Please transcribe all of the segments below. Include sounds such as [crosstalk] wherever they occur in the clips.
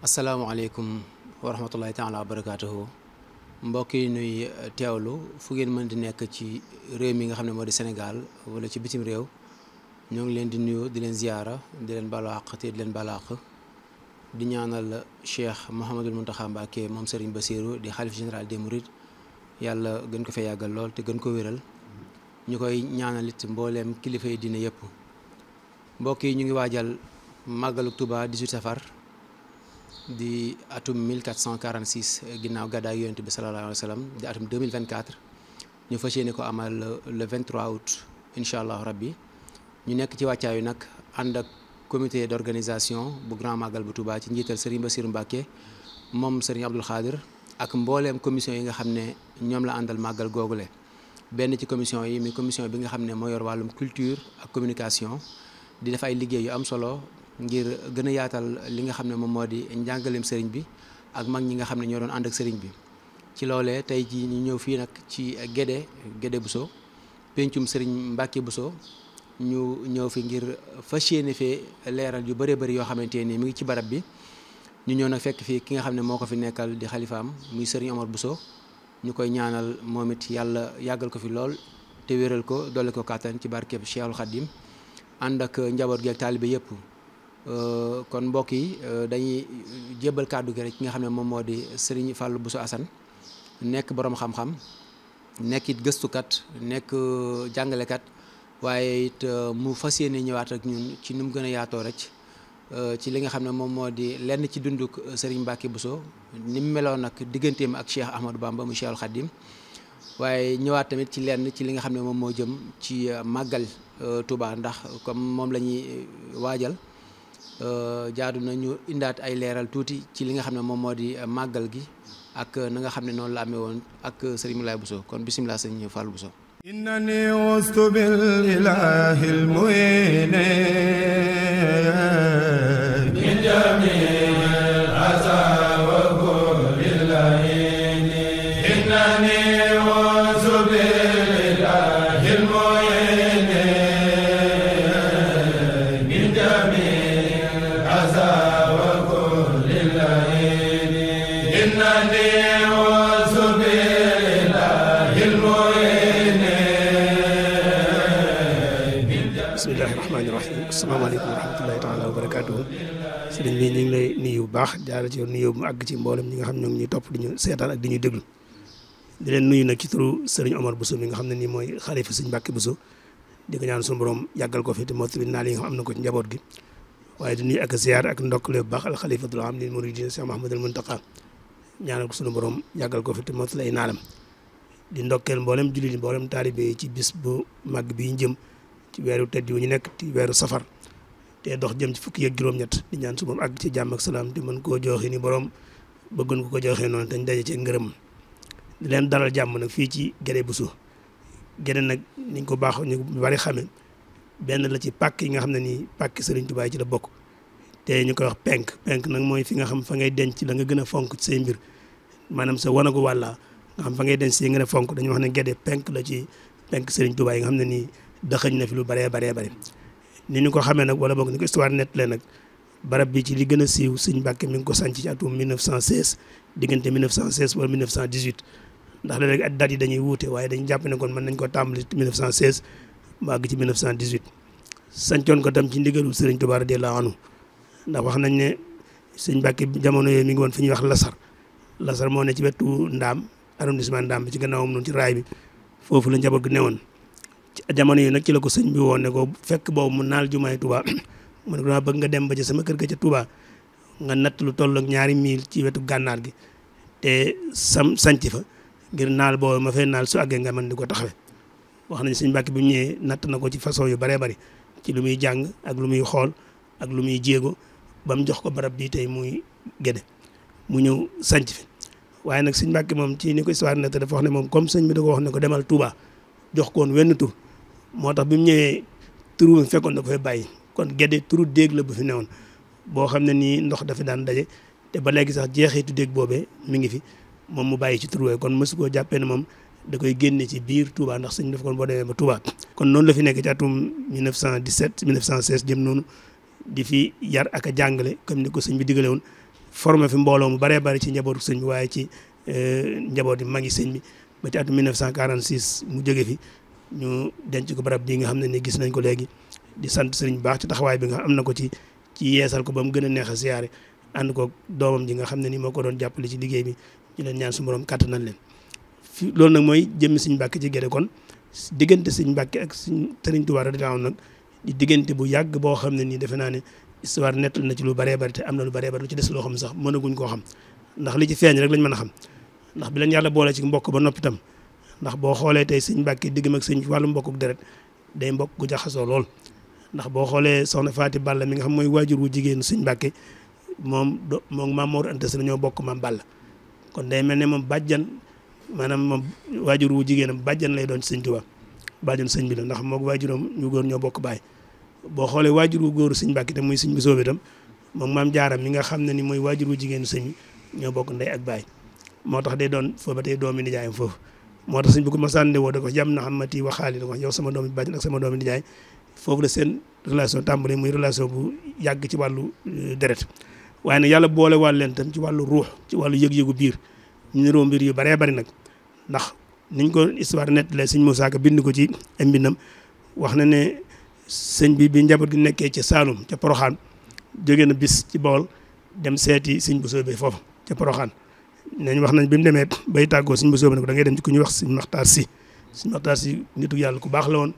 asalaamaaleykum wa rahmatullahi taala barakaatuhu mbokk yi nuy eh, teewlu fu ngeen mën di nekk ci réew mi nga xam ne moo di Sénégal wala ci bitim réew ñoo ngi leen di nuyu di leen ziyaara di leen balaax te di leen balaax di ñaanal Cheikh Mouhamadul Mountakha Mbacké moom Serigne Bassirou di xalif général des Mourides yàlla gën ko fee yàggal lool te gën ko wéral ñu koy ñaanal mbooleem kilifa yi dina yëpp mbokk yi ñu ngi waajal màggalu tubaa 18 safar di atum 1446 eh, ginnaw yonent bi alayhi wa sallam 2024 ñu amal le 23 août inshallah, rabbi ñu nekk ci nak ak comité d'organisation bu grand magal bu Touba ci njital Serigne Bassirou Serigne Khadir ak commission yi nga ñom la commission yi mi commission bi nga culture communication di def ay ngir gën a yaatal li nga xam ne moom moo di njàngaleem sëriñ bi ak mag ñi nga xam ne ñoo doon ànd ak sëriñ bi ci loolee tey jii ñu ñëw fii nag ci Guédé Guédé Bousso pencum sëriñ Mbacke Bousso ñu ñëw fi ngir fas yéene fee leeral yu bare bëri yoo xamante ni mi ngi ci barab bi ñu ñëw nag fekk fii ki nga xam ne moo ko fi nekkal di xalifaam muy sëriñ Omar Bousso ñu koy ñaanal moom it yàlla yàggal ko fi lool te wéral ko dolli ko kàttan ci barkeb Cheikhul Khadim ànd ak njaboot gi ak yëpp Euh, kon mbokk yi euh, dañuy jébal kaddu gi rek nga xam mom modi di Serigne Fallou Bousso Assane nek borom xam-xam nek it nek nekk euh, kat waye it mu fassiyene ñëwaat ak ñun ci num gëna yaato rek ci li nga mom modi lenn ci dunduk Serigne Mbacké Bousso ni melo nak nag ak Cheikh Ahmadou Bamba mu Cheikhul Khadim waye ñëwaat tamit ci lenn ci li nga xam mom mo jëm ci magal Touba ndax comme mom lañuy wajal Euh, jaadu na ñu indaat ay leeral tuuti ci li nga xam ne moom moo di euh, màggal gi ak euh, na nga xam ne noonu la amee woon ak sëriñ Moulay Bousso kon bisimilah sëriñ Fallou Bousso إنني وصت بالإله المعين من جميع baax jaara ci nuyoo mu àgg ci mboolem ñi nga xam ñoo ngi ñuy topp di ñu seetaan ak di ñu déglu di leen nuyu nag ci turu sëriñ Omar Bousso mi nga xam ne nii mooy xalifa sëriñ Mbàkke Bousso di ko ñaan suñu borom yàggal ko fi te mottali naal na ko ci njaboot gi waaye di nuyu ak ziar ak ndokkale bu baax al xalifatul am lil muridin Cheikh ko suñu borom yàggal ko fi te mottali ay naalam di ndokkeel mboolem jullit yi mboolem taalibe ci bis bu mag bi jëm ci weeru tedd yu ñu nekk ci weeru safar te dox jëm ci fukki yeeg juróom-ñett di ñaan su moom àgg ci jàmm ak salaam di mën koo joxe ni borom bëggoon ko ko joxe noonu te ñu daje ci ngërëm leen dalal jàmm nag fii ci Guédé Bousso Guédé nag niñ ko baaxoo ñu bari xame benn la ci pàkk yi nga xam ne nii pàkk Serigne Touba ci la bokk te ñu koy wax penk penk nag mooy fi nga xam fa ngay denc la nga gën a fonk ci say mbir maanaam sa wanagu wàlla nga xam fa ngay denc si nga gën a fonk dañuy xam ne Guédé penk la ci penk sëriñ Touba yi nga xam ne nii dëxëñ na fi lu baree baree bare ni ñu ko xamee nag wala boog ni ko histoire nettalee nag barab bi ci li gën a siiw sëñ Mbàkke mi ngi ko sànc ci atum 1916 diggante 1916 wala 1918 ndax léeg-léeg at dates yi dañuy wuute waaye dañu jàpp ne kon mën nañ ko tàmbali 1916 ba àgg ci 1918 sancoon ko tam ci ndigalu sëriñ Tuubaa radiyallaahu anhu ndax wax nañ ne sëñ Mbàkke jamono yooyu mi ngi woon fi ñu wax lasar lasar moo ne ci wetu ndaam arrondissement ndaam bi ci gannaawam noonu ci raay bi foofu la njaboot gi woon jamono yi nag ci la ko sëñ bi woon ne ko fekk boobu mu naal jumaay Touba [coughs] mu ne ko bëgg nga dem ba ci sama kër ga ca Touba nga natt lu toll ak ñaari mil ci wetu gànnaar gi te sam sanc fa ngir naal boobu ma fay naal su àggee nga mën di ko taxawe wax nañ sëñ Mbàkke bi mu ñëwee natt na ko ci façon yu baree bari ci lu muy jàng ak lu muy xool ak lu muy jéego ba mu jox ko barab bii tey muy géde mu ñëw sanc fi waaye nag sëñ Mbàkke moom ci ni ko histoire ne te dafa wax ne moom comme sëñ bi da wax ne ko demal Touba jox koon wenn tur moo tax bi mu ñëwee turu fekkoon da ko bàyyi kon gedde turu déeg la bu fi newoon boo xam ne nii ndox dafa daan daje te ba léegi sax jeexee tu déeg boobe mu ngi fi moom mu bàyyi ci turu kon mësu koo jàppee ne moom da koy génne ci biir Touba ndax sëñ def kon boo demee ba Touba. kon noonu la fi nekk ci atum 1917 1916 jëm noonu di fi yar ak jàngale comme ni ko sëñ bi digale woon formé fi mbooloo mu baree bari ci njabootu sëñ waaye ci euh, njabooti magi sëñ bi ba ci atum 1946 mu jóge fi. ñu denc ko barab bii nga xam ne ni gis nañ ko léegi di sant sëriñ bu baax ci taxawaay bi nga am na ko ci ci yeesal ko ba gën a neex a siyaare ànd ko doomam ji nga xam ne nii moo ko doon jàppale ci liggéey bi ñu leen ñaan su borom kàttanal leen fi loolu nag mooy jëmmi sëriñ Mbàkke ci Gédé kon diggante sëriñ Mbàkke ak sëriñ Tuubaa radiyallaahu anhu nag di diggante bu yàgg boo xam ne nii defe naa ne histoire nettal na ci lu bëree bëri am na lu bëree bëri lu ci des loo xam sax mënaguñ koo xam ndax li ci feeñ lañ mën a xam ndax bi leen yàlla boole ci mbokk ba noppitam ndax boo xoolee tey sëñ Mbàkke diggam ak sëñ wàllu mbokkuk deret day mbokk gu jaxasoo lool ndax boo xoolee soxna Faati Balla mi nga xam mooy waajur wu jigéen sëñ Mbàkke moom do moom maam Mor Anta Sali ñoo bokk maam Balla kon day mel ne moom bàjjan maanaam moom waajur wu jigéenam bàjjan lay doon sëñ Tuubaa bàjjan sëñ bi la ndax moog waajuram ñu góor ñoo bokk baay boo xoolee waajur wu góor sëñ Mbàkke te muy sëñ bi soobe itam moom maam jaaram mi nga xam ne ni mooy waajur wu jigéen sëñ ñoo bokk ndey ak baay moo tax day doon foofu ba tey doomi nijaayam foofu moo tax suñ bu ko masaan woo da ko jàmm na ma wa xaali da ko yow sama doomi bàjjen ak sama doomi nijaay foofu la seen relation tàmbali muy relation bu yàgg ci wàllu euh, deret waaye nag yàlla boole wàll leen tam ci wàllu ruux ci wàllu yëg-yëgu biir ñu niroo mbir yu baree bari nag ndax niñ ko histoire nett la sëñ Moussa Ka bind ko ci ay mbindam wax na ne sëñ bi bi njaboot gi nekkee ca Saalum ca Poroxaan jóge na bis ci bool dem seeti sëñ bu soobee foofu ca Poroxaan nañ wax nañ bi mu demee bay tàggoo suñ Basiru ne ko da ngay dem ci ku ñuy wax suñ Maxtaar Si suñ Maxtaar Si nitu yàlla ku baax la woon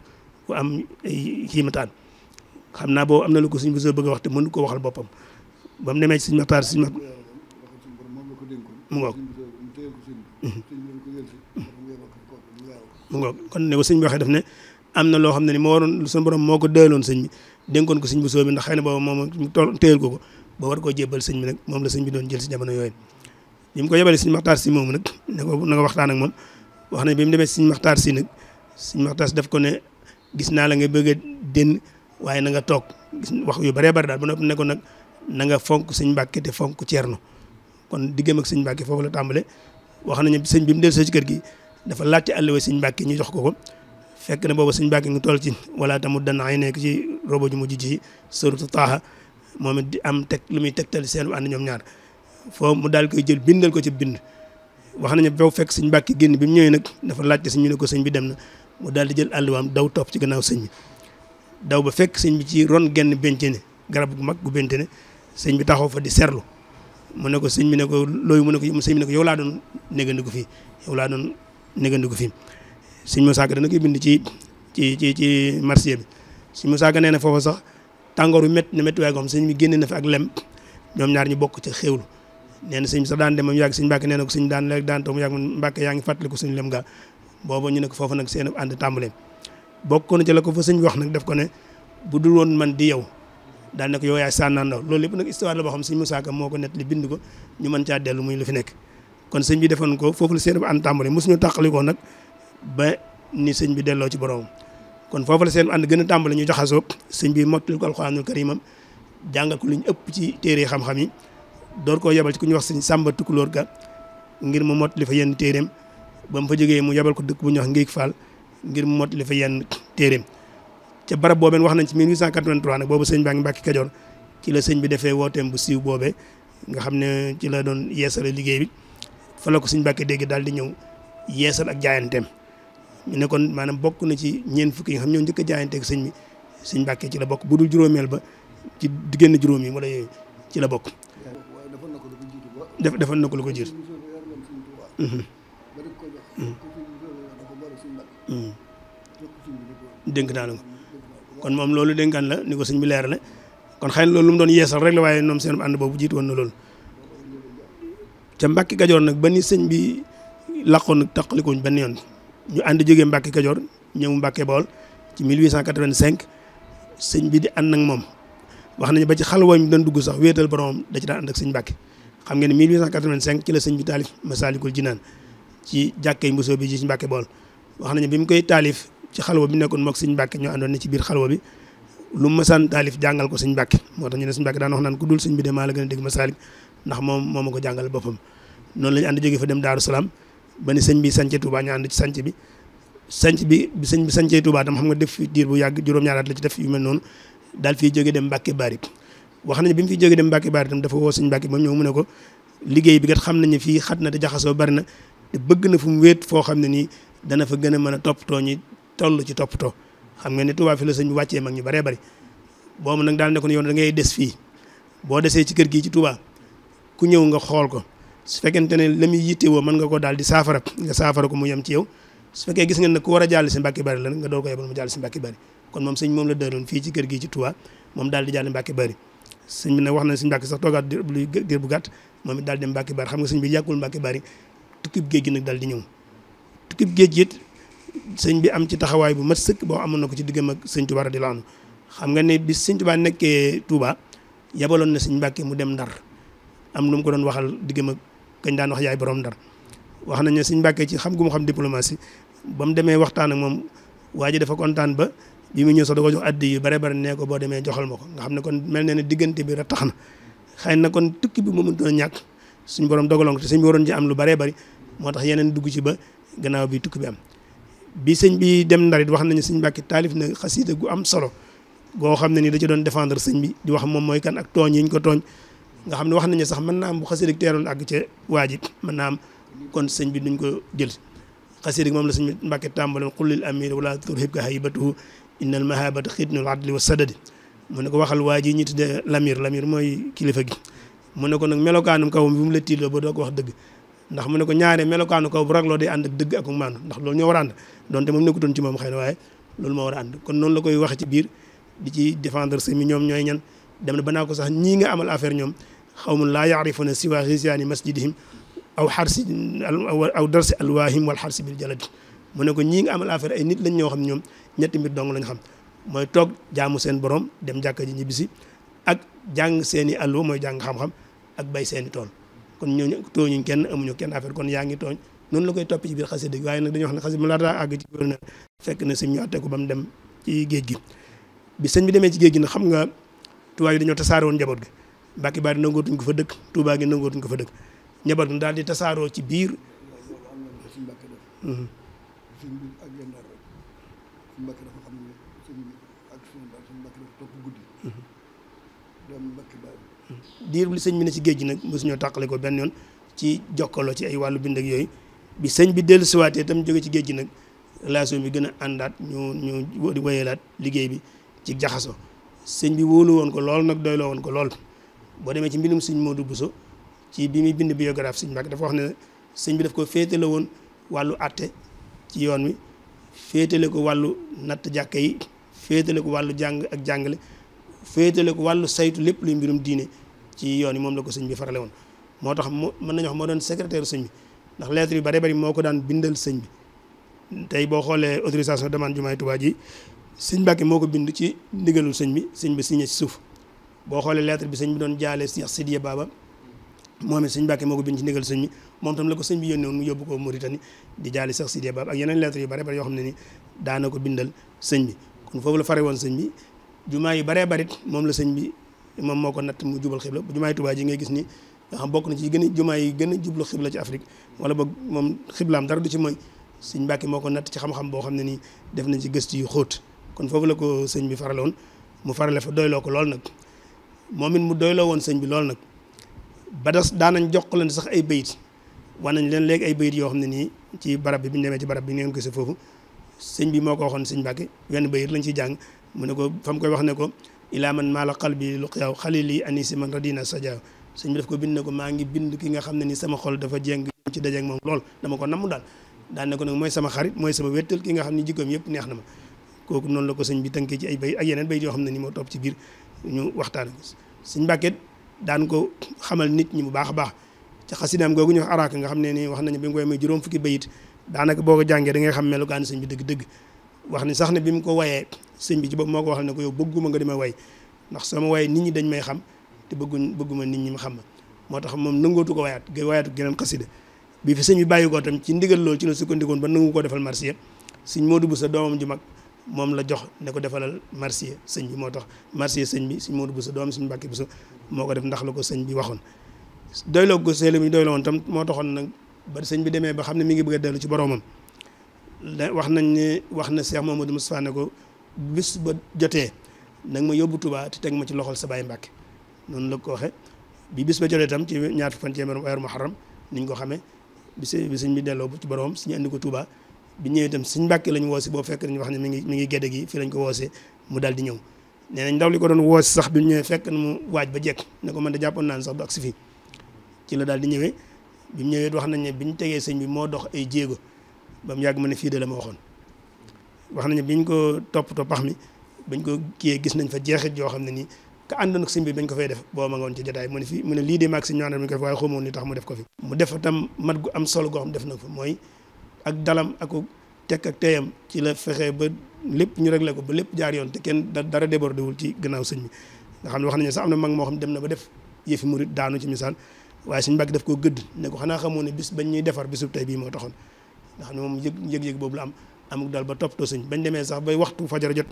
ku am ay xiimataan xam naa boobu am na lu ko suñ Basiru bëgg wax te mënu ko waxal boppam ba mu demee ci suñ Maxtaar mu ngoog mu ngoog kon ne ko bi waxee daf ne am na loo xam ne ni moo waroon suñu borom moo ko dëloon sëñ bi dénkoon ko sëñ bu ndax xëy na boobu moom mu téyal ko ko ba war koo jébbal sëñ bi nag moom la sëñ bi doon jël si jamono yooyu bi mu ko yebalee suñu maxtaar si moomu nag na ko na ko waxtaan ak moom wax nañ bi mu demee suñu maxtaar si nag suñu maxtaar def ko ne gis naa la nga bëgg a waaye na nga toog gis wax yu bëree bëri daal ba noppi ne ko nag na nga fonk sëñ Mbàkke te fonk Ceerno kon diggam ak sëñ Mbàkke foofu la tàmbale wax nañu sëñ bi mu dellu soo ci kër gi dafa laajte àll wa sëñ Mbàkke ñu jox ko ko fekk na boobu sëñ Mbàkke nga toll ci wala tamut danaa yi nekk ci robo ju mujj ji sërutu taaha moom it di am teg lu muy tegtal seen ànd ñoom ñaar foo mu daal koy jël bindal ko ci bind wax nañu boo fekk sëñ Mbàkke génn bi mu ñëwee nag dafa laajte sëñ ñu ne ko sëñ bi dem na mu daal di jël àlluwaam daw topp ci gannaaw sëñ bi daw ba fekk sëñ bi ci ron genn bente ne garab gu mag gu bente ne sëñ bi taxaw fa di serlu mu ne ko sëñ bi ne looyu mu ne ko sëñ bi ne yow laa doon négandiku fii laa doon négandiku fii sëñ Musaa Ka dana koy bind ci ci ci ci marché bi su mu Ka nee na foofa sax tàngoor bi métti na métti waaye ko sëñ bi génnee na fa ak lem ñoom ñaar ñu bokk ci xéewlu nee na sëñ sax daan dem mu yàgg sëñ Mbàkke nee na ko sëñ daan léegi daan toog mu yàgg man Mbàkke yaa ngi fàttaliku ko foofu nag seen ànd tàmbale bokk na ci ko fa sëñ nag def ko ne bu dul woon man di yow daal ne ko yow yaay loolu lépp nag histoire la boo xam sëñ Musaa Ka moo ko nett li bind ko ñu mën caa dellu muy lu fi nekk kon sëñ bi defoon ko foofu la seen ànd tàmbale mosuñu tàqalikoo nag ba ni sëñ bi delloo ci borom kon foofu la seen ànd gën a tàmbale ñu joxasoo sëñ bi mottali ko alxuraanul karimam jàngal ko lu ñu ëpp ci téere xam-xam yi door koo yebal ci ku ñuy wax sëñ Sàmba Tukulóor ga ngir mu mottali fa yenn téeréem ba mu fa jógee mu yebal ko dëkk bu ñuy wax Ngéeg Fall ngir mu mottali fa yenn téeréem ca barab boobeen wax nañ ci 1883 nag boobu sëñ baa ngi Mbàkke Kajoor ci la sëñ bi defee wooteem bu siiw boobee nga xam ne ci la doon yeesale liggéey bi ko sëñ Mbàkke dégg daal di ñëw yeesal ak jaayanteem ñu ne maanaam bokk na ci ñeen fukki yi xam ñoo njëkk a jaayanteeg sëñ bi sëñ ci la bokk bu dul juróomeel ba ci diggénn juróom yi wala yooyu ci la bokk def defal na ko lu ko jiit dénk naa la ko kon moom loolu dénkaan la ni ko sëñ bi leer la kon xëy na loolu lu mu doon yeesal rek la waaye ñoom seen ànd boobu jiit woon na loolu ca Mbàkke Kajoor nag ba ni sëñ bi laqoon nag taqalikuñ benn yoon ñu ànd jógee mbakki Kajoor ñëw Mbàkke Bawol ci mille 1885 sëñ bi di ànd ak moom wax nañu ba ci xalwa ñu doon dugg sax wéetal boroom da ci daan ànd ak sëñ Mbàkke xam ngeen ne 1885 ci la sëñ bi taalif Masaalikul Jinaan ci jàkkey Mbusoo bi ji ci Mbàkke Bool wax nañu bi mu koy taalif ci xalwa bi nekkoon mook sëñ Mbàkke ñoo àndoon ne ci biir xalwa bi lu masaan taalif jàngal ko sëñ Mbàkke moo tax ñu ne sëñ Mbàkke daan wax naan ku dul bi de maa la gën a dégg moom moo ko jàngal boppam noonu la ñu ànd jóge fa dem Daaru Salaam ba ni sëñ bi sànce Tuubaa ñu ànd ci sànc bi sànc bi bi sëñ bi sàncee Tuubaa tam xam nga def fi diir bu yàgg juróom ñaarat la ci def yu mel noonu daal fii jóge dem Mbàkke wax nañ bi mu fi jógee dem Mbàkke bari itam dafa woo sëñ Mbàkke moom ko liggéey bi kat xam nañu fii xat na te jaxasoo bari na te bëgg na fu mu wéet foo xam ne nii dana fa gën a mën a toppatoo ñi toll ci toppatoo xam nga ne Tuubaa fi la sëñ wàccee mag ñu baree bari boobu nag daal ne ko yoon da ngay des fii boo desee ci kër gii ci Tuubaa ku ñëw nga xool ko su fekkente ne la muy yittewoo mën ko daal di saafara nga saafara ko mu yem ci yow su fekkee gis ngeen ne ku war a jàll si Mbàkke Bari la nga doo ko yebal mu jàll si Mbàkke Bari kon moom sëñ moom la dëroon fii ci kër gi ci Tuubaa moom daal di jàll Mbàkke Bari sëñ bi nag wax na sëñ Mbàkke sax toogaat diir bu gàtt moom it daal dem Mbàkke Bari xam nga sëñ bi yàggul Mbàkke Bari tukkib géej gi nag daal di ñëw tukkib géej gi it bi am ci taxawaay bu mat sëkk boo amoon na ko ci diggam ak sëñ a di anhu xam nga ne bi sëñ Touba nekkee Touba yabaloon na sëñ Mbàkke mu dem Ndar am lu mu ko doon waxal diggam ak kañ daan wax yaay borom Ndar wax nañ ne sëñ ci xam gu mu xam diplomatie ba mu demee waxtaan ak moom waa ji dafa ba bi mu ñëw sax da ko jox addi yu bare bare nee ko boo demee joxal ma ko nga xam ne kon mel na ne diggante bi rek tax na xay na kon tukki bi mu mënut a ñàkk suñ boroom dogaloon ko te suñ bi waroon ci am lu bare bari moo tax yeneen dugg ci ba gannaaw bi tukki bi am. bi sëñ bi dem ndarit wax nañu sëñ Mbàkke taalif na xasiida gu am solo goo xam ne ni da doon défendre sëñ bi di wax moom mooy kan ak tooñ yiñ ko tooñ nga xam ne wax nañu sax mën naa am bu xasiida teeroon àgg ca waajib mën naa am kon sëñ bi duñ ko jël xasiida moom la sëñ Mbàkke tàmbaloon qul lil amir wala turhibka haybatuhu inna al mahabata xitnul adli wa sadadi mu waa ji mooy kilifa gi mu ne ko nag melokaanum kaw bi mu la tiiloo ba doo ko wax dëgg ndax mu ne ko ñaare melokaanu kaw bu ragloo day ànd ak dëgg ak maandu ndax loolu ñoo war a ànd donte moom nekkutoon ci moom xëy na waaye loolu moo war a kon noonu la koy wax ci biir di ci défendre semi ñoom ñooy ñan dem na banaa ko sax ñii nga amal affaire ñoom xawmun laa yaarifuna siwa xisyaani masjidihim aw xarsi aw darsi alwaahim wal xarsi bil jalad mu ne ko ñii nga amal nit lañ ñoo xam ñoom ñetti mbir dong lañ xam mooy toog jaamu seen borom dem jàkka ji ñibbisi ak jàng seen i allo mooy jàng xam-xam ak bay seen tool kon ñooñu tooñuñ kenn amuñoo kenn affaire kon yaa ngi tooñ noonu la koy topp ci biir xasida gi waaye nag dañoo xam ne xasida mu laataa fekk na sëñ ñu àtte ko ba mu dem ci géej gi bi sëñ bi demee ci géej gi nag xam nga tubaab yi dañoo tasaaroon njaboot gi Mbàkke Baari nangootuñ ko fa dëkk Tuubaa gi nangootuñ ko fa dëkk njaboot daal di tasaaroo ci biir suñu mhm. mbàkk diir li sëñ bi ne ci géej gi nag mosu ñoo tàqale ko benn yoon ci jokkaloo ci ay wàllu bind ak yooyu bi sëñ bi dellu siwaatee tam jóge ci géej gi nag relation bi gën a àndaat ñu ñu wéyalaat liggéey bi ci jaxaso sëñ bi wóolu woon ko lool nag doyloo woon ko lool boo demee ci mbindum sëñ Modou Bousso ci bi muy bind biographie sëñ Mbàkke dafa wax ne sëñ bi daf ko féetale woon wàllu àtte ci yoon wi féetale ko wàllu natt jàkka yi féetale ko wàllu jàng ak jàngale féetale ko wàllu saytu lépp luy mbirum diine ci yoon yi moom la ko sëñ bi farale woon moo tax mu mën nañu wax moo doon secrétaire sëñ bi ndax lettre yu bare bari moo ko daan bindal sëñ bi tey boo xoolee autorisation demande jumaay Tuubaa ji sëñ Mbàkke moo ko bind ci ndigalul sëñ bi sëñ bi signé ci suuf boo xoolee lettre bi sëñ bi doon jaalee jaale Cheikh Sidiya baaba moom it sëñ Mbàkke moo ko bind ci moom tam la ko sëñ bi yónnee woon mu yóbbu ko Mauritanie di jaali sax Sidiya ak yeneen lettre yu bare bare yoo xam ne daana ko bindal sëñ bi kon foofu la fare woon sëñ bi jumaa yu baree barit moom la sëñ bi moom moo ko natt mu jubal xibla bu jumaa yi Tuubaa ji ngay gis ni nga na ci gën a jumaa yi gën a jublu xibla ci Afrique wala boog moom xiblaam dara du ci mooy sëñ Mbàkke moo ko natt ci xam-xam boo xam ne nii def na ci gëstu yu xóot kon foofu la ko sëñ bi faraloon mu farale fa doyloo ko lool nag moom it mu doyloo woon sëñ bi lool nag ba des jox jokkalante sax ay bayit nañ leen léegi ay bayit yoo xam ne nii ci barab bi bi ñu demee ci barab bi ngeen gisee foofu sëñ bi moo ko waxoon sëñ Mbàkke wenn bayit lañ ci jàng mu ne ko fa mu koy wax ne ko ilaa man maala qalbi luqyaaw xalili anisi man radina sajaaw sëñ bi daf ko bind ne ko maa ngi bind ki nga xam ne ni sama xol dafa jéng ci dajeeg moom lool dama ko namm daal daan ne ko nag mooy sama xarit mooy sama wéttal ki nga xam ne jikkoom yëpp neex na ma kooku noonu la ko sëñ bi tënkee ci ay bay ak yeneen bay yoo xam ne ni moo topp ci biir ñu waxtaan ko sëñ Mbàkke daan ko xamal nit ñi bu baax a baax ci xasidaam googu ñu wax araaka nga xam ne ni wax nañu bi nga koy may juróom fukki bayit daanaka boo ko jàngee da ngay xam melukaan sëñ bi dëgg-dëgg wax ni sax ne bi mu ko wayee sëñ bi ci bopp moo ko waxal ne ko yow bëgguma nga di ma way ndax sama waye nit ñi dañ may xam te bëgguñ bëgguma nit ñi ma xam ma moo tax moom nangootu ko wayaat ga wayaatu geneen xasida bi fi sëñ bi bàyyi ko tam ci ndigal loolu ci la sukkandikoon ba nangu koo defal marsiya sëñ Modou Boussa doomam ju mag moom la jox ne ko defalal marsiya sëñ bi moo tax marsiya sëñ bi sëñ Modou Boussa doomam sëñ Mbàkke Boussa moo ko def ndax la ko sëñ bi waxoon doyloo ko sëñ bi doyloo woon tam moo taxoon nag ba sëñ bi demee ba xam ne mi ngi bëgg a dellu ci boroomam wax nañ ne wax na Cheikh Mamadou Moustapha ne ko bis ba jotee nag ma yóbbu Touba te teg ma ci loxol sa baay Mbàkke noonu la ko waxee bi bis ba jotee tam ci ñaar fan ci weeru Muharram ni ko xamee bi sëñ bi delloo ci boroomam suñu andi ko Touba bi ñëwee itam sëñ Mbàkke lañ woose boo fekk dañu wax ne mi ngi mi ngi gedde gi fii lañ ko woosee mu daal di ñëw nee ndaw li ko doon woo sax bi mu ñëwee fekk na mu waaj ba jekk na ko man de jàppoon naa ne sax du agsi fii ci la daal di ñëwee bi mu ñëwee wax nañ ne bi ñu tegee sëñ bi moo dox ay jéego ba mu ma ne fii la ma waxoon wax nañ bi ñu ko toppatoo pax mi bañ ko kiyee gis nañ fa jeexit yoo xam ne nii ka àndoon ak sëñ bi bañ ko fay def boo ma ci jotaay mu ne fii mu ne lii de maag si ñu àndoon ko waaye xamoon ni tax mu def ko fi mu def tam mat gu am solo goo xam def na ko fa mooy ak dalam ak tekk ak teeyam ci la fexee ba lépp ñu réglé ko ba lépp jaar yoon te kenn dara débordé wul ci gannaaw sëñ bi nga xam ne wax nañu sax am na mag moo xam ne dem na ba def yëfi murit daanu ci misaal waaye suñ mbàgg daf koo gëdd ne ko xanaa xamoo ne bis bañ ñuy defar bisub tey bii moo taxoon nga xam ne moom yëg yëg boobu la am amuk daal ba toppatoo sëñ bañ demee sax bay waxtu fajara jot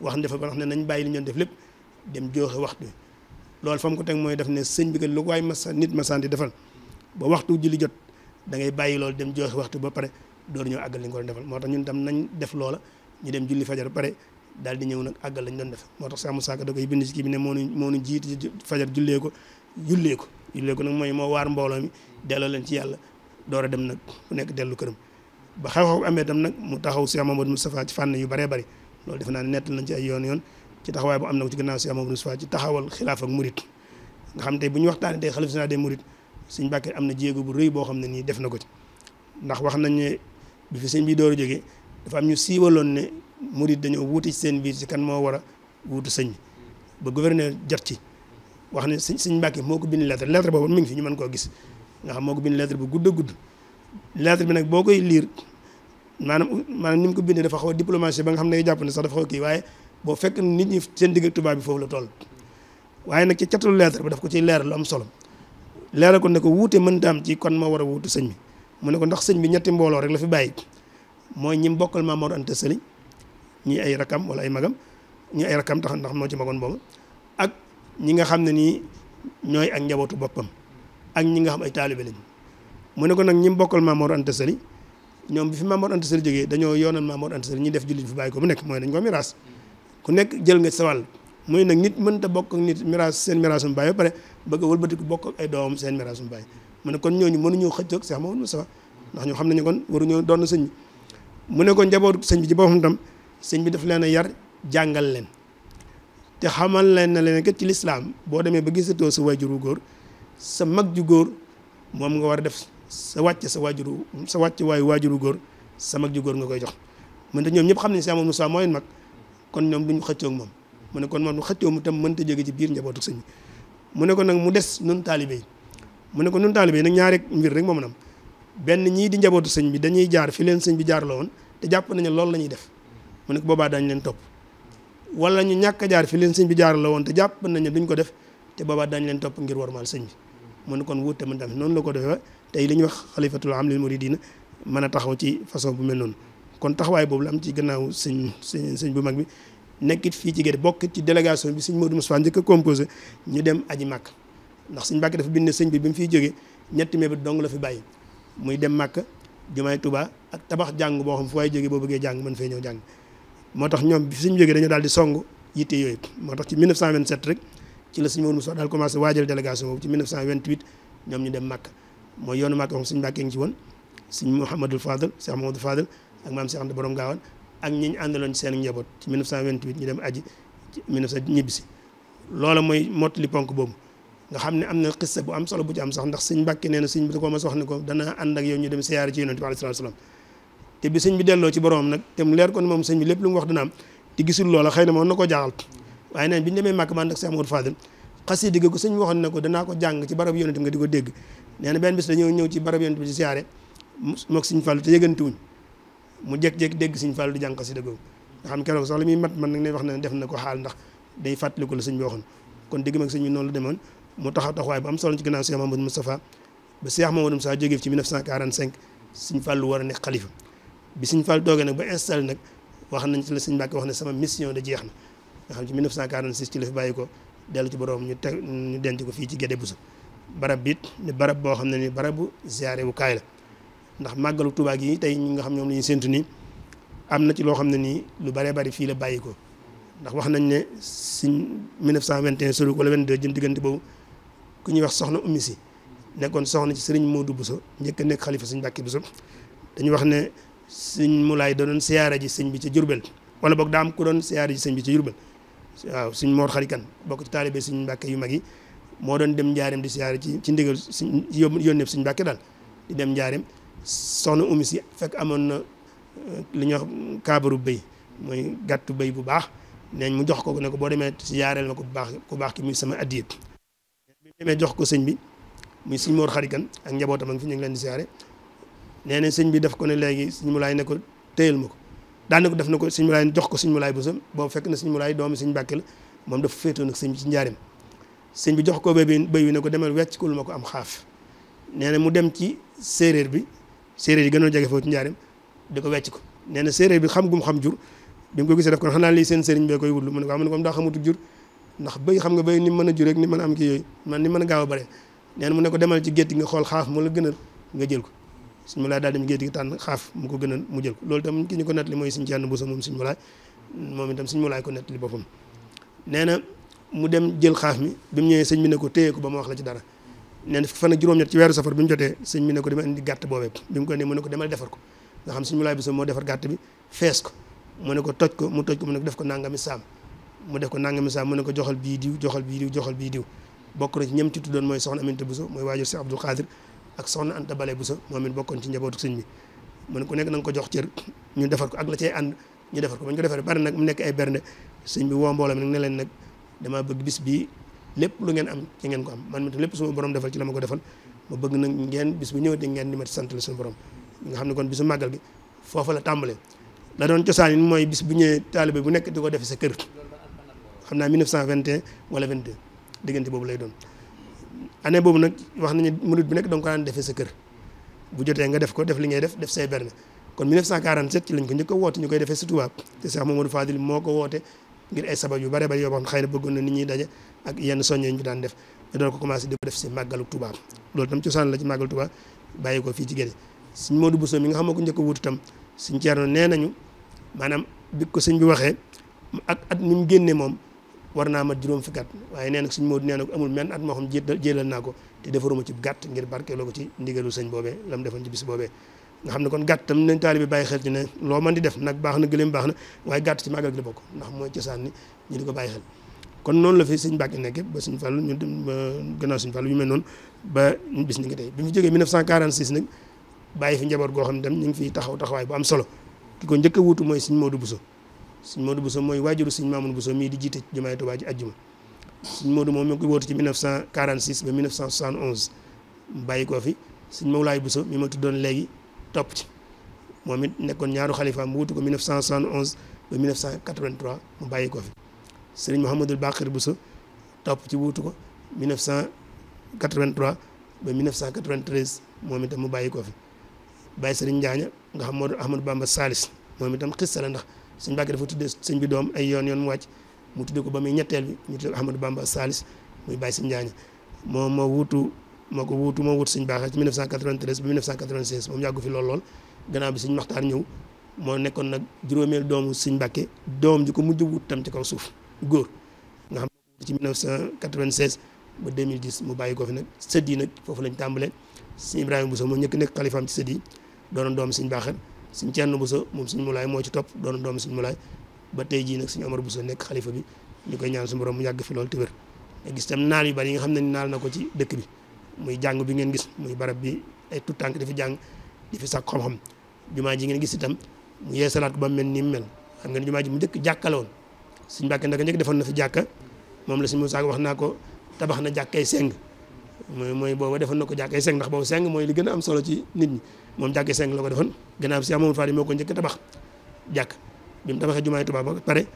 wax dafa ba nga ne nañ bàyyi li ñu def lépp dem jooxe waxtu loolu fa ko teg mooy def ne sëñ bi kat lu waaye masa nit ma santi defal ba waxtu julli jot da ngay bàyyi loolu dem jooxe waxtu ba pare door ñoo àggal li nga ko defal moo tax ñun tam nañ def loola ñu dem julli fajar pare daal di ñëw nag àggal lañ doon def moo tax saamu saaka da koy bind ci kii bi ne moo nu moo nu jiitu fajar jullee ko jullee ko nag mooy moo waar mbooloo mi delloo leen ci yàlla door a dem nag ku nekk dellu këram ba xew-xew amee tam nag mu taxaw Cheikh Mamadou Moustapha ci fànn yu bëree bëri loolu defe naa ne nett nañ ci ay yoon yoon ci taxawaay bu am na ko ci gannaaw Cheikh Mamadou Moustapha ci taxawal xilaaf ak murit nga xam tey bu ñu waxtaanee tey xalif général des murit Sëñ Mbàkke am na jéego bu rëy boo xam ne nii def na ko ci ndax wax nañ ne bi fi sëñ bi door a dafa am ñu siiwaloon ne murid dañoo wuuti ci seen biir ci kan moo wara a sëñ bi ba gouverneur jot ci wax ne sëñ sëñ Mbàkke moo ko bind lettre lettre boobu mi ngi fi ñu mën koo gis nga xam moo ko bind lettre bu gudd a bi nag boo koy liir maanaam maanaam ni mu ko bindee dafa xaw a diplomatie ba nga xam ne jàpp ne sax dafa xaw kii waaye boo fekk nit ñi seen digg tubaab bi foofu la toll waaye nag ci catul lettre bi daf ko ciy leeral lu am solo leeral ko ne ko wuute mënta am ci kon moo war a wuutu sëñ bi mu ne ko ndax sëñ bi ñetti mbooloo rek la fi bàyyi mooy ñim bokkal Maam Mor Anta Sali ñi ay rakam wala ay magam ñi ay rakam tax ndax moo ci magoon boobu ak ñi nga xam ne nii ñooy ak njabootu boppam ak ñi nga xam ay taalibe lañ mu ne ko nag ñim bokkal Maam Mor Anta Sali ñoom bi fi Maam Mor Anta Sali jógee dañoo yoonal Maam Mor Anta Sali ñi def jullit fi bàyyi ko bu nekk mooy dañ ko miraas bokk ak nit miraas seen miraasum baay ba pare bëgg a wëlbatiku bokk ak ay doomam seen miraasum baay mu ne ndax ñoo xam nañu kon waruñoo doon sëñ mu ne ko njabootu sëñ bi ci boppam tam sëñ bi daf leen a yar jàngal leen te xamal leen na leen kat ci lislaam boo demee ba gisatoo sa waajuru góor sa mag ju góor moom nga war a def sa wàcce sa waajuru sa wàcce waajuru góor sa mag ju góor nga koy jox mën te ñoom ñëpp xam ne si amoon Moussa mooy mag kon ñoom duñu xëccoo ak moom mu ne kon moom du xëccoo mu tam mënta jóge ci biir njabootu sëñ bi mu ne ko nag mu des nun taalibe yi mu ne ko nun taalibe yi nag ñaari mbir rek moom na am benn ñii di njabootu sëñ bi dañuy jaar fi leen sëñ bi jaar la woon te jàpp nañu loolu la ñuy def mu ne boobaa daañu leen topp wala ñu ñàkk a jaar fi leen sëñ bi jaar la woon te jàpp nañu duñ ko def te boobaa daañu leen topp ngir warmaal sëñ bi mu ne kon wuute mën tamit noonu la ko defee tey li ñuy wax xalifatul am lil muridina mën a taxaw ci façon bu mel noonu kon taxawaay boobu la am ci gannaaw sëñ sëñ sëñ bu mag bi nekkit fii ci gerte bokk ci délégation bi sëñ Modou Moustapha njëkk a composé ñu dem aji màkk ndax sëñ Mbàkke dafa bind sëñ bi bi mu fiy jógee ñetti mébét dong la fi bàyyi muy dem màkk jumaay Tuubaa ak tabax jàng boo xam fu waay jógee boo bëggee jàng mën fee ñëw jàng moo tax ñoom suñu jógee dañoo daal di song yitte yooyu moo tax ci 1927 rek ci la suñu Maodo Moussa daal commencé waajal délégation boobu ci 1928 ñoom ñu dem màkk mooy yoonu màkk moom suñu mbàkkee ngi ci woon suñ Mouhamadul Fadal Cheikh Mamadou Fadal ak maam Cheikh Anta borom gaawan ak ñi ñu àndaloon ci seen njaboot ci 1928 ñu dem aji ci 19 ñibbisi loola mooy mottali ponk boobu nga xam ne am na xissa bu am solo bu ci am sax ndax sëñ Mbàkke nee na sëñ bi da ko mas wax ne ko danaa ànd ak yow ñu dem siyaare ci yonent bi ko ne moom sëñ bi lépp lu mu wax dana am te gisul na moom na ko jaaxal waaye neen bi ñu demee Màkka man ak Seex Amadu Fadil xasida danaa ko jàng ci barab yonent nga di ko dégg nee na benn bis dañoo ñëw ci barab yonent bi ci siyaare mook sëñ Fàllu te yëgantuwuñ mu jékki-jékki dégg sëñ Fàllu jàng xasida googu nga xam keroog sax muy mat man nag ne wax ne def na ko xaal ndax day fàttaliku la sëñ bi waxoon kon digg mag sëñ bi noonu demoon mu taxaw taxawaay bu am solo ci ginnaaw Cheikh Mamadou Moustapha ba Cheikh Mamadou Moustapha jógee ci 1945 Sëñ Fallu war a nekk xalifa bi Sëñ Fallu doogee nag ba installé nag wax nañ ci la Sëñ Mbàkke wax ne sama mission da jeex na nga xam ci 1946 ci la fi bàyyi ko dellu ci borom ñu te ñu denc ko fii ci bu Bousso barab bi it barab boo xam ne ni barabu ziyaare bu kaay la ndax màggalu Tuubaa gi tey ñi nga xam ñoom la ñuy séntu nii am na ci loo xam ne nii lu bëree bëri fii la bàyyi ko ndax wax nañ ne Sëñ 1921 sori wala 22 jëm diggante boobu ku ñuy wax soxna ummi si nekkoon soxna ci sëriñ Modou Bousso njëkk a nekk xalifa sëñ Mbàkke Bousso dañu wax ne sëñ Moulay da doon siyaare ji sëñ bi ci Jurbel wala boog daa am ku doon siyaare ji sëñ bi ca Jurbel waaw sëñ Mor Xarikan bokk ci taalibe sëñ Mbàkke yu mag yi moo doon dem njaareem di siyaare ci ci ndigal yoon yónnee sëñ Mbàkke daal di dem njaareem soxna ummi si fekk amoon na li ñuy kaabaru béy mooy gàttu béy bu baax neeñ mu jox ko ne ko boo demee siyaareel ma ko bu baax ku baax ki muy sama demee jox ko sëñ bi muy sëñ Mor Khary Kane ak njabootam ak fi ñu ngi leen di siyaare nee na sëñ bi def ko ne léegi sëñ Moulay ne ko téyel ma ko daane ko def na ko sëñ Moulay jox ko sëñ Moulay Bousso boobu fekk na sëñ Moulay doomi sëñ Mbàkke la moom dafa féetoon ak sëñ bi ci njaareem sëñ bi jox ko béy bi béy wi ne ko demal wecc ko lu ma ko am xaaf nee na mu dem ci séeréer bi séeréer yi gënoon jege foofu ci njaareem di ko wecc ko nee na séeréer bi xam gum xam jur bi mu ko gisee def ko xanaa lii seen sëriñ bee koy wutlu mu ne ko am na ko am daa xamutu jur ndax bay xam nga bay ni meuna jurek ni meuna am ki yooyu man ni meuna a gaaw bare neen mu ne ko demal ci gétt gi nga xool xaaf mu la gënal nga jël ko suñ mu daal dem gétt gi tànn xaaf mu ko gënal mu jël ko lolou tam ki ñu ko li moy suñ jann bu sa mom suñ mu laay moom itam suñ mu ko net li nee na mu dem jël xaf mi bimu ñewé ñëwee mi ne ko teyé ko ba ma wax la ci dara nee na fan ak juróom-ñett ci wéru safar bimu joté jotee mi ne ko dama indi gatt bobé bimu ko ne mu ne ko demal defar ko nga xam suñ mu bu sa mo defar gatt bi fess ko mu ne ko toj ko mu toj ko mu ne ko def ko nangami sam mu def ko nangam sa mu ne ko joxal bi diw joxal bi diw joxal bi diw bokku na ci ñem ci tudon moy soxna Aminta Bousso moy wajur cheikh Abdou Khadir ak soxna Anta balé Bousso momin bokkon ci njabootu sëñ bi mu ne ku nekk nang ko jox cër ñu defal ko ak la cey and ñu defal ko bañ ko defal bari nak mu nekk ay bernde sëñ bi wo mbolam nak ne leen nak dama bëgg bis bi lepp lu ngeen am ci ngeen ko am man itam lepp suma borom defal ci lama ko defal ma bëgg nak ngeen bis bu ñëwati ngeen ni ma sant la suma borom nga xamni kon bisu magal bi fofu la tambalé la doon ciosan yi mooy bis bu ñëwee talibé bu nekk diko def defe sa kër xam naa 1921 wala 22 diggante boobu lay doon année boobu nag wax nañu murid bi nekk da nga ko daan defee sa kër bu jotee nga def ko def li ngay def def say berne kon 1947 ci lañ ko njëkk a woote ñu koy defee sa Tuubaa te Cheikh Mamadou Fadil moo ko woote ngir ay sabab yu bare bare yoo xam xëy na bëggoon na nit ñi daje ak yenn soññe ñu daan def ñu doon ko commencé di ko def si màggalu Tuubaa loolu tam cosaan la ci màggalu Tuubaa bàyyi ko fii ci Guédé suñ Modou Bousso mi nga xam moo ko njëkk a wuutu tam suñ Ceerno nee nañu maanaam bi ko sëñ bi waxee ak at ni mu génnee moom war naa ma juróom fukki at waaye nee na suñ moo nee na ko amul menn at moo xam jéelal naa ko te defaruma ci gàtt ngir barkeeloo ko ci ndigalu sëñ boobee la mu defoon ci bis boobee nga xam ne kon gàtt tam nañ taalibe bàyyi xel ci ne loo mën di def nag baax na gëléem baax na waaye gàtt ci màggal gi la bokk ndax mooy cosaan ni ñu di ko bàyyi xel kon noonu la fi sëñ Mbàkke nekke ba suñ fàllu ñu gannaaw suñ fàllu yu mel noonu ba bis ni ngi tey bi mu jógee 1946 nag bàyyi fi njaboot goo xam ne tam ñu taxaw taxawaay bu am solo ko njëkk a wuutu mooy sëñ Modou sëñ Modou Bousso mooy waajuru sëñ Mamoun Bousso mii di jiite jumaay Tuubaa ji ajjuma sëñ Modou moom mi ko woote ci 1946 ba 1971 bàyyi koo fi sëñ Mawlaay Bousso mi ma tuddoon léegi topp ci moom it nekkoon ñaaru xalifaam mu wutu ko 1971 ba 1983 mu bàyyi koo fi sëriñ Mouhamadul Baqir Bousso topp ci wuutu ko 1983 ba 1993 moom itam mu bàyyi koo fi bàyyi sëriñ Njaaña nga xam moo doon Ahmadou Bamba Salis moom itam xista la ndax sëñ Mbàkke dafa tuddee sëñ bi doom ay yoon yoon mu wàcc mu tuddee ko ba muy ñetteel bi ñu tuddee ko Ahmadou Bamba Salis muy Baye Sëñ Njaañ moom moo wuutu moo ko wuutu moo wuutu sëñ Baaxa ci 1993 ba 1996 moom yàggu fi lool lool gannaaw bi sëñ moo nekkoon nag juróomeel doomu sëñ Mbàkke doom ji ko mujj wut tam ci kaw suuf góor nga xam ci 1996 ba 2010 mu bàyyi ko fi nag sët yi nag foofu lañ tàmbalee sëñ Ibrahima Bousso moo ñëkk nekk xalifaam ci sët yi doom doomu sëñ Baaxa suñ Thierno Bousso moom suñ Moulay moo ci topp doon doomu suñ Moulay ba tey jii nag suñu Omar Bousso nekk xalifa bi ñu koy ñaan suñu borom mu yàgg fi loolu te wér nga gis tam naal yu bari yi nga xam ne naal na ko ci dëkk bi muy jàng bi ngeen gis muy barab bi ay tout tànk di fi jàng di fi sàkk xam-xam jumaa ji ngeen gis itam mu yeesalaat ko ba mel ni mu mel xam ngeen jumaa ji mu njëkk jàkkale woon suñ Mbàkke Ndaka njëkk defoon na fi jàkka moom la suñ Moussa wax naa ko tabax na jàkkay seng mooy mooy booba defoon na ko jàkkay seng ndax boobu seng mooy li gën a am solo ci nit ñi moom jàkkee seng la ko defoon gannaaw si amoon faari moo ko njëkk tabax jàkk bi mu tabaxee jumaa Tuubaa ba pare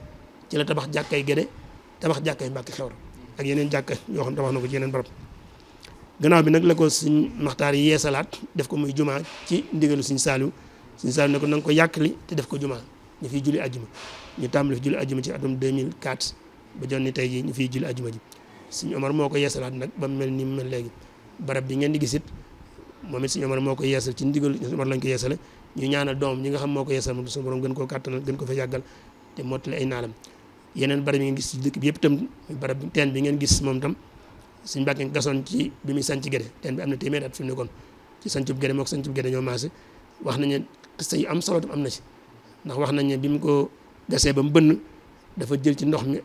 ci la tabax jàkk jàkkay Gédé tabax jàkkay Mbàkke Xewar ak yeneen jàkk yoo xam tabax na ko ci yeneen barab gannaaw bi nag la ko suñ maxtaar yi yeesalaat def ko muy jumaa ci ndigalu suñ Saaliw suñ Saaliw ne ko na nga ko yàqali te def ko jumaa ñu fiy julli ajjuma ñu tàmbali fi julli ajjuma ci atum 2004 ba jot ni tey jii ñu fiy julli ajjuma ji suñ Omar moo ko yeesalaat nag ba mel ni mu mel léegi barab bi ngeen di gis moom it suñu Omar moo yeesal ci ndigal suñu lañ ko yeesale ñu ñaana doom ñi nga xam moo ko yeesal moom suñu borom gën koo kàttanal ko fa yàggal te ay naalam yeneen barab yi ngeen gis ci dëkk yëpp itam barab teen bi ngeen gis moom itam suñ Mbàkke gasoon ci bi muy sanc Gédé teen bi am na téeméer at fi mu nekkoon ci sancub Gédé moo ko sancub Gédé ñoo maase wax nañ ne xista am solo am na ci ndax wax nañ ne bi mu ko gasee ba mu bënn dafa jël ci ndox mi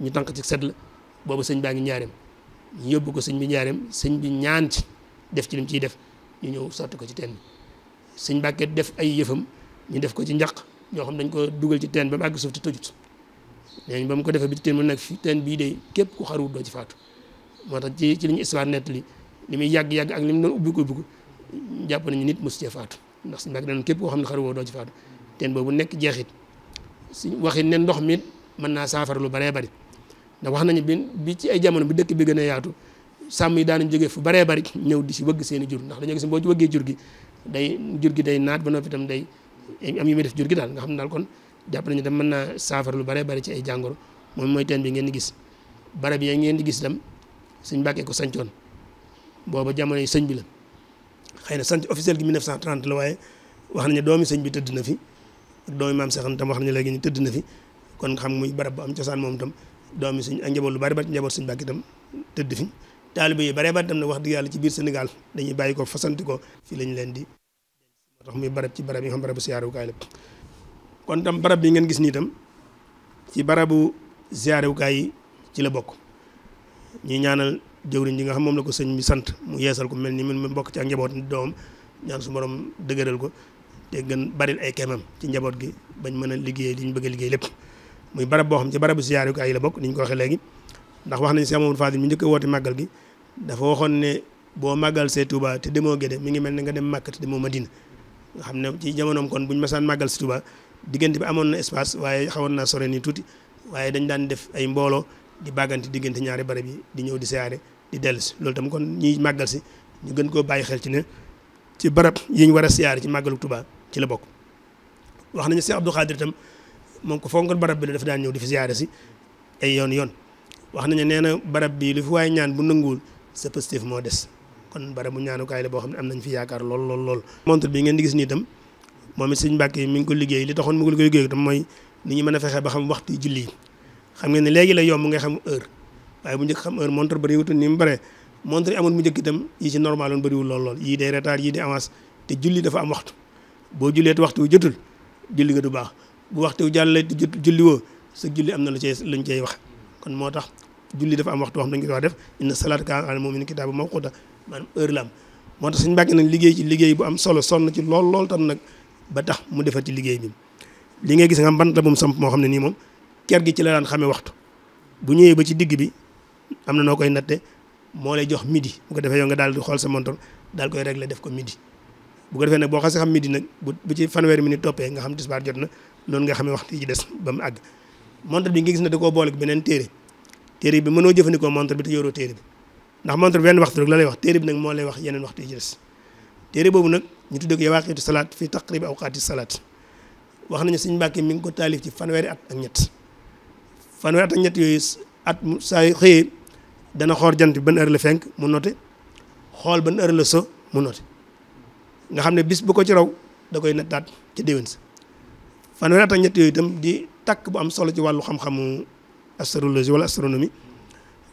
ñu tànq ci sedd boobu sëñ baa ngi njaareem ñu yóbbu ko sëñ bi njaareem sëñ bi ñaan ci def ci lim ciy def ñu ñëw sotti ko ci teen bi suñ Mbàkke def ay yëfam ñu def ko ci njaq ñoo xam dañ ko dugal ci teen ba mu àgg suuf te tëjut léegi ba mu ko defee bi ci teen mu nekk fi teen bii de képp ku xaruwut doo ci faatu moo tax ci ci li ñu nett li li muy yàgg-yàgg ak li mu doon ubbi jàpp nañu nit mos cee faatu ndax sëñ Mbàkke danoon képp koo xam ne xaruwoo doo ci faatu teen boobu nekk jeexit suñ waxit ne ndox mi mën naa saafara lu baree bari ndax wax nañu bi bi ci ay jamono bi dëkk bi gën a yaatu sàmm yi daanañ jóge fu baree bari ñëw di si wëgg seen i jur ndax dañoo gis boo ci wëggee jur gi day jur gi day naat ba noppi itam day am yu muy def jur gi daal nga xam ne daal kon jàpp nañu tam mën naa saafara lu baree bari ci ay jàngoro moom mooy teen bi ngeen gis barab yi ngeen di gis itam sëñ Mbàkke ko sancoon booba jamono sëñ bi la xëy na sanc officiel gi 1930 la waaye wax nañu doomi sëñ bi tëdd na fi ak maam Seexan tam wax léegi ni tëdd na fi kon xam muy barab bu cosaan moom itam doomi sëñ ak njaboot lu bari bari njaboot suñ Mbàkke itam tëdd fi taalibe yi bare ba tam na wax dëgg yàlla ci biir Sénégal dañuy bàyyi ko fasanti ko fii lañu leen di moo tax muy barab ci barab yi nga xam barabu siyaarukaay kon tam barab bi ngeen gis nii tam ci barabu siyaarukaay yi ci la bokk ñuy ñaanal jëwriñ ji nga xam moom la ko sëñ sant mu yeesal ko mel ni mun mu bokk ci ak njaboot doomam ñaan su borom dëgëral ko te gën baril ay kemam ci njaboot gi bañ mën a liggéey li ñu lépp muy barab boo xam ci barabu la bokk ni ko waxee léegi ndax wax nañ si amoon Fadil mu njëkk a woote màggal gi dafa waxoon ne boo màggal see tubaa te demoo Gédé mi ngi mel ni nga dem Màkka te demoo Madina nga xam ne ci jamonoom kon buñ masaan màggal si Touba diggante bi amoon na espace waaye xawoon naa sore nii tuuti waaye dañ daan def ay mbooloo di bàggante diggante ñaari barab yi di ñëw di siyaare di dellu si loolu tam kon ñuy màggal si ñu gën koo bàyyi xel ci ne ci barab yi ñu war a siyaare ci màggalu Touba ci la bokk wax nañu si Abdou Khadir tam moom ko fonkoon barab bi la dafa daan ñëw di fi siyaare si ay yoon yoon wax nañu nee na barab bi lu fi waaye ñaan bu nanguwul sa positif mo dess kon ñaanu kay la bo xamni am nañ fi yaakar lol lol lol montre bi ngeen di gis ni tam moom it mbacke mi ngi ko liggey li taxone mu ngi ko liggey tam moy ni ñi mëna a ba xam waxtu julli xam ngeen ni légui la yom nga xam heure waye bu njëkk xam heure montre bari wut ni mu bare montre amul mu jëk tam yi ci normal bari bëriwul lol lol yi day retard yi di avance te julli dafa am waxtu julli julleet waxtu jëtul julli ga du baax bu waxtu jallé te jot julli wo sa julli amna la lu cee cey wax kon motax julli dafa am waxtu wax dañ ko wax def inna salaata kaanat alal mu'miniina kitaaban mawquuta maanaam heure am moo tax suñ Mbàkke nag liggéey ci liggéey bu am solo sonn ci lool lool tam nag ba tax mu defar ci liggéey bi li ngay gis nga bant la moom samp moo xam ne nii moom ker gi ci la daan xamee waxtu bu ñëwee ba ci digg bi am na noo koy natte moo lay jox midi bu ko defee yow nga daal di xool sa daal koy régler def ko midi bu ko defee nag boo xasee xam midi nag bu bu ci fanweeri minute toppee nga xam tisbaar jot na noonu nga xam waxtu yi ci des ba mu àgg montor bi nga gis ne da koo boole beneen téere téere bi mënoo jëfandikoo montre bi te yoroo téere bi ndax montre benn waxtu rek la lay wax téere bi nag moo lay wax yeneen waxtu yi ci des téere boobu nag ñu tuddee ko yawaaqitu salaat fii taqrib awqaati salaat wax nañu suñ mbàkke mi ngi ko taalif ci fanweeri at ak ñett fanweeri at ak ñett yooyu saa yu xëyee dana xool jant bi ban heure la fenk mu note xool ban heure la so mu note nga xam ne bis bu ko ci raw da koy nattaat ca déwén sa fanweeri at ak ñett takk bu am solo ci wàllu xam-xamu astrologie wala astronomie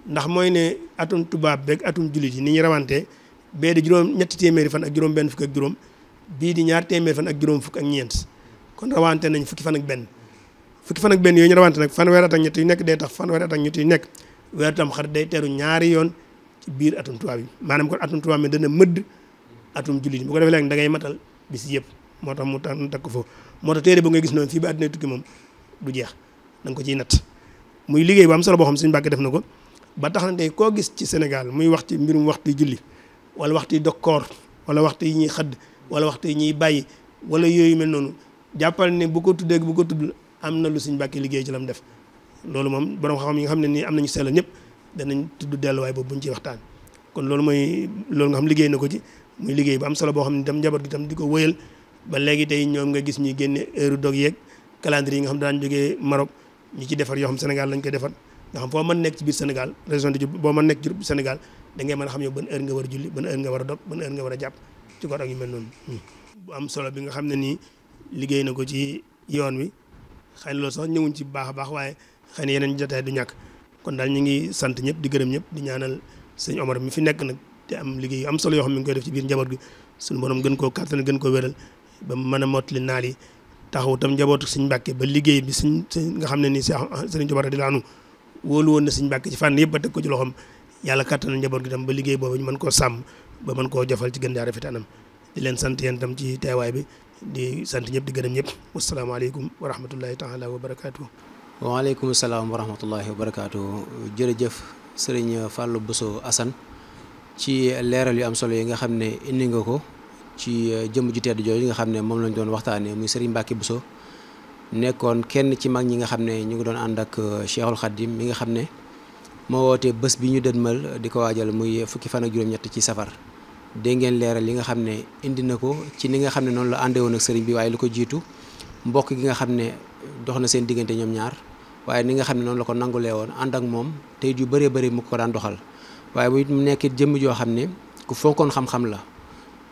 ndax mooy ne atum tubaab beeg atum jullit yi ni ñu rawante bee di juróom ñetti téeméeri fan ak juróom benn fukk ak juróom bii di ñaar téeméeri fan ak juróom fukk ak ñeent kon rawante nañ fukki fan ak benn fukki fan ak benn yooyu ñu rawante nag fan at ak ñett yu nekk day tax fanweer at ak ñett yu nekk weer tam xar day teeru ñaari yoon ci biir atum tubaab yi maanaam kon atum tubaab mi dana mëdd atum jullit yi ko defee léegi da ngay matal bis yëpp moo tax mu tax ko foofu moo tax téere bu ngay gis noonu fii ba àddina tukki moom du jeex da ko ciy natt muy liggéey bu am solo boo xam suñu Mbàkke def na ko ba tax na tey koo gis ci Sénégal muy wax ci mbirum waxtu julli wala waxtu dog koor wala waxtu yi ñuy xëdd wala waxtu yi ñuy bàyyi wala yooyu mel noonu jàppale ne bu ko tuddee bu ko tudd am na lu suñu Mbàkke liggéey ci lam def loolu moom borom xam-xam nga xam ne nii am nañu sell ñëpp danañ tudd delluwaay boobu ñu ci waxtaan kon loolu mooy loolu nga xam liggéey na ko ci muy liggéey bu am solo boo xam ne tam njaboot gi tam di ko wëyal ba léegi tey ñoom nga gis ñuy génne heure dog yeeg calendrier yi nga xam daan jógee Maroc ñu ci defar yoo xam Sénégal lañ koy defar ndax xam foo mën nekk ci biir Sénégal région de Diourbel boo mën nekk ci Sénégal da ngay a xam yow ban heure nga war a julli ban heure nga war a dog ban heure nga war a jàpp ci koor ak hmm. am solo bi nga xam ne nii liggéey na ko ci yoon wi xëy na loolu sax ñëwuñ ci baax a baax waaye xëy na yeneen du ñàkk kon daal ñu ngi sant ñëpp di gërëm ñëpp di ñaanal sëñ Omar mi fi nekk nag te am liggéey am solo yoo xam mi ngi koy def ci biir njaboot gi suñu borom gën koo kàttan gën koo wéral ba mën a mottali naal yi taxaw tam njabootu sëñ Mbàkke ba liggéey bi sëñ nga xam ne ni si sëriñ Tuubaa di laanu wóolu woon na sëñ Mbàkke ci fànn yëpp ba teg ko ci loxoom yàlla kàttanal njaboot gi tam ba liggéey boobu ñu man ko sàmm ba man koo jofal ci gën jaa rafet anam di leen sant yéen tam ci teewaay bi di sant ñëpp di gërëm ñëpp wasalaamaaleykum wa rahmatullahi taala wa barakaatu waaleykum salaam wa rahmatullahi wa barakaatu jërëjëf sëriñ Fallou Bousso Assane ci leeral yu am solo yi nga xam ne indi nga ko ci euh, jëmm ji tedd jooju nga xam ne moom lañ doon waxtaanee muy Serigne Mbacke Bousso nekkoon kenn ci mag ñi nga xam ne ñu ngi doon ànd ak euh, Cheikhul Khadim mi nga xam ne moo wootee bés bi ñu dënmal di ko waajal muy fukki fan ak juróom-ñett ci safar dégg li nga xam ne indi na ko ci ni nga xam ne noonu la àndee woon ak sëriñ bi waaye lu ko jiitu mbokk gi nga xam ne dox na seen diggante ñoom ñaar waaye ni nga xam ne noonu la ko nangulee woon ànd ak moom tey yu bëree bëri mu ko daan doxal waaye mu nekkee jëmm joo xam ne ku fonkoon xam-xam la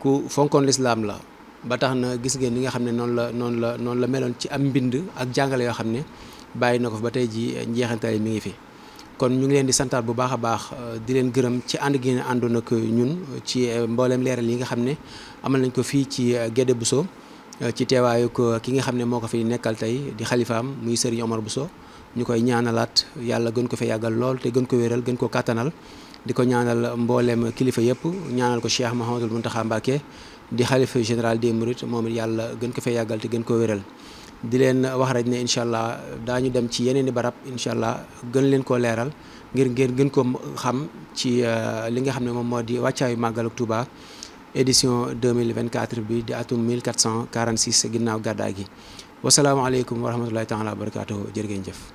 ku fonkoon lislaam la ba tax na gis ngeen li nga xam ne noonu la noonu la noonu la meloon ci am mbind ak jàngale yoo xam ne bàyyi na ko fi ba tey ji njeexantal yi mi ngi fi kon ñu ngi leen di santaat bu baax a baax di leen gërëm ci ànd gi ne àndoon nag ñun ci eh, mboolem leeral yi nga xam ne amal nañ ko fii ci eh, Guédé Bousso eh, ci teewaayu ko ki nga xam ne moo ko fi nekkal tey di xalifaam muy Serigne Omar Bousso ñu koy ñaanalaat yàlla gën ko fa yàggal lool te gën ko wéral gën ko kàttanal di ko ñaanal mbooleem kilifa yëpp ñaanal ko Cheikh Mouhamadul Mountakha Mbacké di xalifa général des Mourides moom yàlla gën ko fee yàggal te gën koo wéral di leen wax rek ne incha allah daañu dem ci yeneen i barab incha allah gën leen koo leeral ngir ngeen gën ko xam ci euh, li nga xam ne moom moo di wàccaayu màggalu Touba édition 2024 bi di atum 1446 ginnaaw gàddaa gi wasalaamaaleykum wa rahmatulahi taala wa barakaatuhu jërë ngeen jëf